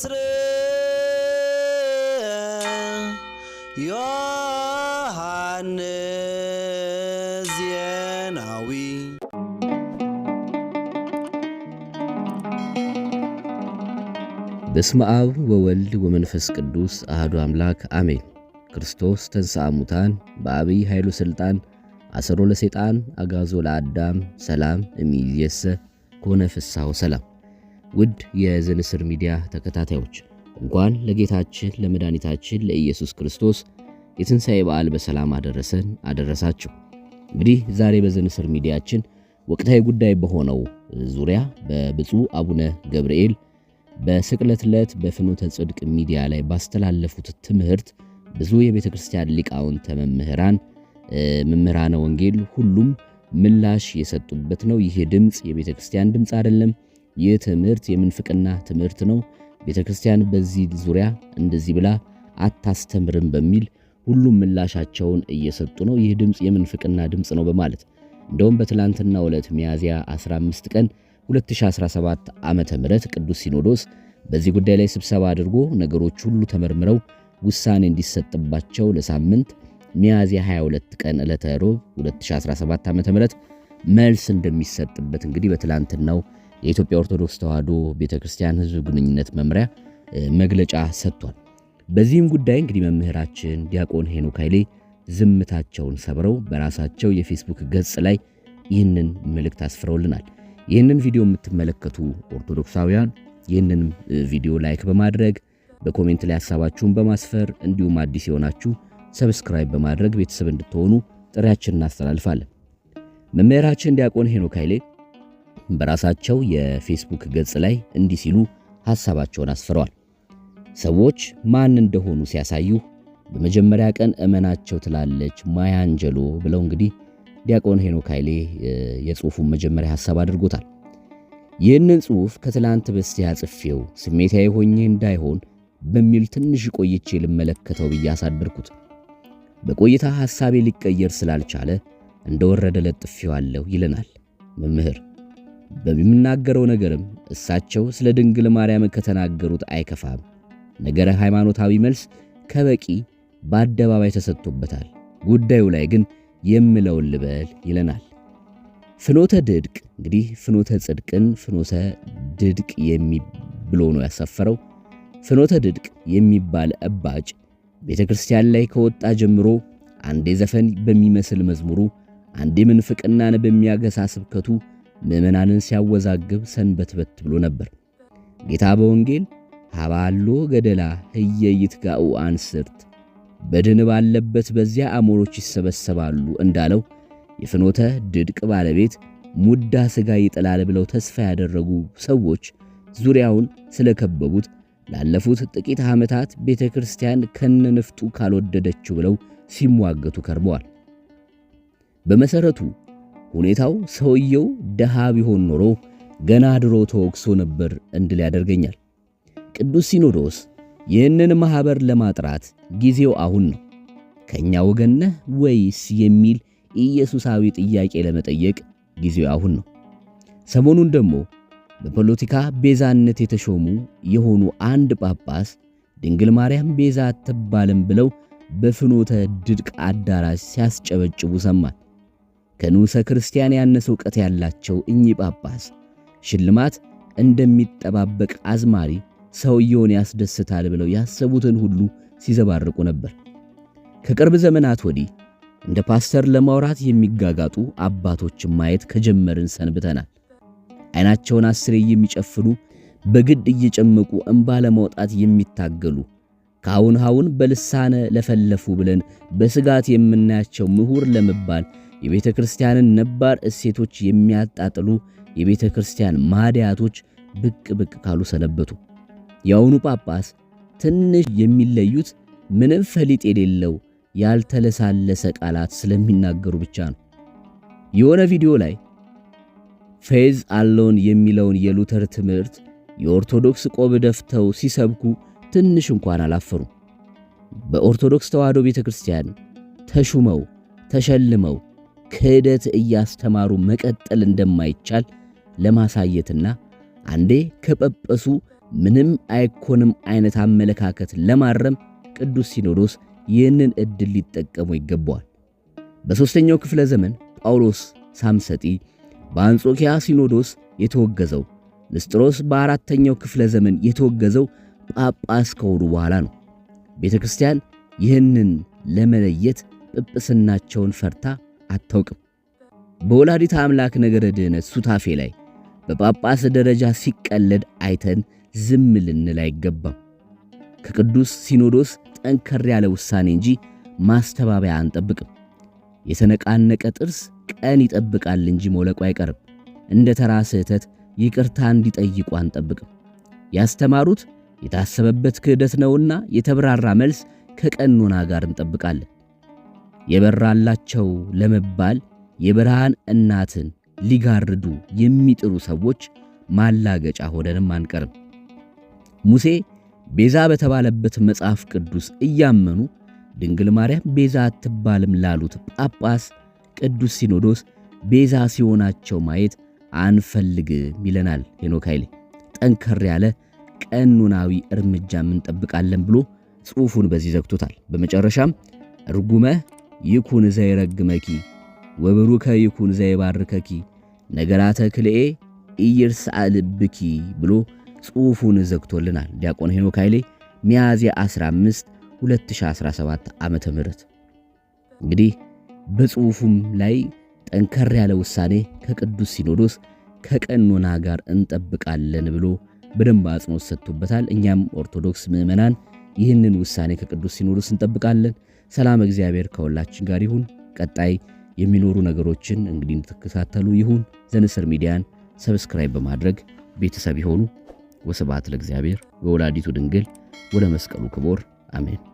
ስር ዮሐንስ ዜናዊ በስመ አብ ወወልድ ወመንፈስ ቅዱስ አህዱ አምላክ አሜን። ክርስቶስ ተንሥአ እሙታን በአብይ ኃይሉ ሥልጣን አሰሮ ለሰይጣን አጋዞ ለአዳም ሰላም እምይእዜሰ ኮነ ፍስሐ ወሰላም ውድ የዘንስር ሚዲያ ተከታታዮች እንኳን ለጌታችን ለመድኃኒታችን ለኢየሱስ ክርስቶስ የትንሣኤ በዓል በሰላም አደረሰን አደረሳችሁ። እንግዲህ ዛሬ በዘንስር ሚዲያችን ወቅታዊ ጉዳይ በሆነው ዙሪያ በብፁዕ አቡነ ገብርኤል በስቅለት ዕለት በፍኖተ ጽድቅ ሚዲያ ላይ ባስተላለፉት ትምህርት ብዙ የቤተ ክርስቲያን ሊቃውንተ መምህራን መምህራነ ወንጌል ሁሉም ምላሽ የሰጡበት ነው። ይህ ድምፅ የቤተ ክርስቲያን ድምፅ አይደለም። ይህ ትምህርት የምንፍቅና ትምህርት ነው። ቤተ ክርስቲያን በዚህ ዙሪያ እንደዚህ ብላ አታስተምርም በሚል ሁሉም ምላሻቸውን እየሰጡ ነው። ይህ ድምፅ የምንፍቅና ድምፅ ነው በማለት እንደውም በትላንትና ዕለት ሚያዝያ 15 ቀን 2017 ዓ ም ቅዱስ ሲኖዶስ በዚህ ጉዳይ ላይ ስብሰባ አድርጎ ነገሮች ሁሉ ተመርምረው ውሳኔ እንዲሰጥባቸው ለሳምንት ሚያዝያ 22 ቀን ዕለተ ሮብ 2017 ዓ.ም መልስ እንደሚሰጥበት እንግዲህ በትላንትናው የኢትዮጵያ ኦርቶዶክስ ተዋሕዶ ቤተክርስቲያን ሕዝብ ግንኙነት መምሪያ መግለጫ ሰጥቷል። በዚህም ጉዳይ እንግዲህ መምህራችን ዲያቆን ሄኖክ ኃይሌ ዝምታቸውን ሰብረው በራሳቸው የፌስቡክ ገጽ ላይ ይህንን መልእክት አስፍረውልናል። ይህንን ቪዲዮ የምትመለከቱ ኦርቶዶክሳውያን ይህንን ቪዲዮ ላይክ በማድረግ በኮሜንት ላይ ሀሳባችሁን በማስፈር እንዲሁም አዲስ የሆናችሁ ሰብስክራይብ በማድረግ ቤተሰብ እንድትሆኑ ጥሪያችንን እናስተላልፋለን። መምህራችን ዲያቆን ሄኖክ ኃይሌ በራሳቸው የፌስቡክ ገጽ ላይ እንዲህ ሲሉ ሐሳባቸውን አስፍረዋል። ሰዎች ማን እንደሆኑ ሲያሳዩ በመጀመሪያ ቀን እመናቸው ትላለች ማያ አንጀሎ ብለው እንግዲህ ዲያቆን ሄኖክ ኃይሌ የጽሑፉን መጀመሪያ ሐሳብ አድርጎታል። ይህንን ጽሑፍ ከትላንት በስቲያ ጽፌው ስሜታዊ ሆኜ እንዳይሆን በሚል ትንሽ ቆይቼ ልመለከተው ብዬ አሳደርኩት። በቆይታ ሐሳቤ ሊቀየር ስላልቻለ እንደወረደ ለጥፌዋለሁ ይለናል መምህር በሚናገረው ነገርም እሳቸው ስለ ድንግል ማርያም ከተናገሩት አይከፋም። ነገረ ሃይማኖታዊ መልስ ከበቂ በአደባባይ ተሰጥቶበታል። ጉዳዩ ላይ ግን የምለውን ልበል ይለናል። ፍኖተ ድድቅ እንግዲህ ፍኖተ ጽድቅን ፍኖተ ድድቅ ብሎ ነው ያሰፈረው። ፍኖተ ድድቅ የሚባል እባጭ ቤተ ክርስቲያን ላይ ከወጣ ጀምሮ አንዴ ዘፈን በሚመስል መዝሙሩ፣ አንዴ ምንፍቅናን በሚያገሳ ስብከቱ ምዕመናንን ሲያወዛግብ ሰንበትበት ብሎ ነበር። ጌታ በወንጌል ሀባሎ ገደላ ህየ ይትጋኡ አንስርት በድን ባለበት በዚያ አሞሮች ይሰበሰባሉ እንዳለው የፍኖተ ድድቅ ባለቤት ሙዳ ሥጋ ይጥላል ብለው ተስፋ ያደረጉ ሰዎች ዙሪያውን ስለከበቡት ላለፉት ጥቂት ዓመታት ቤተ ክርስቲያን ከነንፍጡ ካልወደደችው ብለው ሲሟገቱ ከርመዋል። በመሠረቱ ሁኔታው ሰውየው ደሃ ቢሆን ኖሮ ገና ድሮ ተወቅሶ ነበር እንድል ያደርገኛል። ቅዱስ ሲኖዶስ ይህንን ማኅበር ለማጥራት ጊዜው አሁን ነው፣ ከእኛ ወገን ነህ ወይስ የሚል ኢየሱሳዊ ጥያቄ ለመጠየቅ ጊዜው አሁን ነው። ሰሞኑን ደግሞ በፖለቲካ ቤዛነት የተሾሙ የሆኑ አንድ ጳጳስ ድንግል ማርያም ቤዛ አትባልም ብለው በፍኖተ ድድቅ አዳራሽ ሲያስጨበጭቡ ሰማል። ከንዑሰ ክርስቲያን ያነሰ ዕውቀት ያላቸው እኚህ ጳጳስ ሽልማት እንደሚጠባበቅ አዝማሪ ሰውየውን ያስደስታል ብለው ያሰቡትን ሁሉ ሲዘባርቁ ነበር። ከቅርብ ዘመናት ወዲህ እንደ ፓስተር ለማውራት የሚጋጋጡ አባቶችን ማየት ከጀመርን ሰንብተናል። ዓይናቸውን አስሬ የሚጨፍኑ በግድ እየጨመቁ እንባ ለማውጣት የሚታገሉ ካሁን አሁን በልሳነ ለፈለፉ ብለን በስጋት የምናያቸው ምሁር ለመባል የቤተ ክርስቲያንን ነባር እሴቶች የሚያጣጥሉ የቤተ ክርስቲያን ማድያቶች ብቅ ብቅ ካሉ ሰነበቱ። የአሁኑ ጳጳስ ትንሽ የሚለዩት ምንም ፈሊጥ የሌለው ያልተለሳለሰ ቃላት ስለሚናገሩ ብቻ ነው። የሆነ ቪዲዮ ላይ ፌዝ አለውን የሚለውን የሉተር ትምህርት የኦርቶዶክስ ቆብ ደፍተው ሲሰብኩ ትንሽ እንኳን አላፈሩም። በኦርቶዶክስ ተዋሕዶ ቤተ ክርስቲያን ተሹመው ተሸልመው ክህደት እያስተማሩ መቀጠል እንደማይቻል ለማሳየትና አንዴ ከጳጳሱ ምንም አይኮንም አይነት አመለካከት ለማረም ቅዱስ ሲኖዶስ ይህንን ዕድል ሊጠቀሙ ይገባዋል። በሦስተኛው ክፍለ ዘመን ጳውሎስ ሳምሰጢ በአንጾኪያ ሲኖዶስ የተወገዘው፣ ንስጥሮስ በአራተኛው ክፍለ ዘመን የተወገዘው ጳጳስ ከሆኑ በኋላ ነው። ቤተ ክርስቲያን ይህንን ለመለየት ጵጵስናቸውን ፈርታ አታውቅም። በወላዲት አምላክ ነገረ ድህነት ሱታፌ ላይ በጳጳስ ደረጃ ሲቀለድ አይተን ዝም ልንል አይገባም። ከቅዱስ ሲኖዶስ ጠንከር ያለ ውሳኔ እንጂ ማስተባበያ አንጠብቅም። የተነቃነቀ ጥርስ ቀን ይጠብቃል እንጂ መውለቁ አይቀርም። እንደ ተራ ስህተት ይቅርታ እንዲጠይቁ አንጠብቅም። ያስተማሩት የታሰበበት ክህደት ነውና የተብራራ መልስ ከቀኖና ጋር እንጠብቃለን። የበራላቸው ለመባል የብርሃን እናትን ሊጋርዱ የሚጥሩ ሰዎች ማላገጫ ሆነንም አንቀርም። ሙሴ ቤዛ በተባለበት መጽሐፍ ቅዱስ እያመኑ ድንግል ማርያም ቤዛ አትባልም ላሉት ጳጳስ ቅዱስ ሲኖዶስ ቤዛ ሲሆናቸው ማየት አንፈልግም ይለናል ሄኖክ ኃይሌ። ጠንከር ያለ ቀኖናዊ እርምጃም እንጠብቃለን ብሎ ጽሑፉን በዚህ ዘግቶታል። በመጨረሻም ርጉመ ይኩን ዘይረግመኪ ወብሩከ ይኩን ዘይባርከኪ ነገራተ ክልኤ ኢይርስዐ ልብኪ ብሎ ጽሑፉን ዘግቶልናል ዲያቆን ሄኖክ ኃይሌ ሚያዝያ 15 2017 ዓመተ ምህረት እንግዲህ በጽሑፉም ላይ ጠንከር ያለ ውሳኔ ከቅዱስ ሲኖዶስ ከቀኖና ጋር እንጠብቃለን ብሎ በደንብ አጽንኦት ሰጥቶበታል። እኛም ኦርቶዶክስ ምዕመናን ይህንን ውሳኔ ከቅዱስ ሲኖዶስ እንጠብቃለን። ሰላም እግዚአብሔር ከሁላችን ጋር ይሁን። ቀጣይ የሚኖሩ ነገሮችን እንግዲህ እንድትከታተሉ ይሁን። ዘንስር ሚዲያን ሰብስክራይብ በማድረግ ቤተሰብ ይሆኑ። ወስብሐት ለእግዚአብሔር ወወላዲቱ ድንግል ወለመስቀሉ ክቡር አሜን።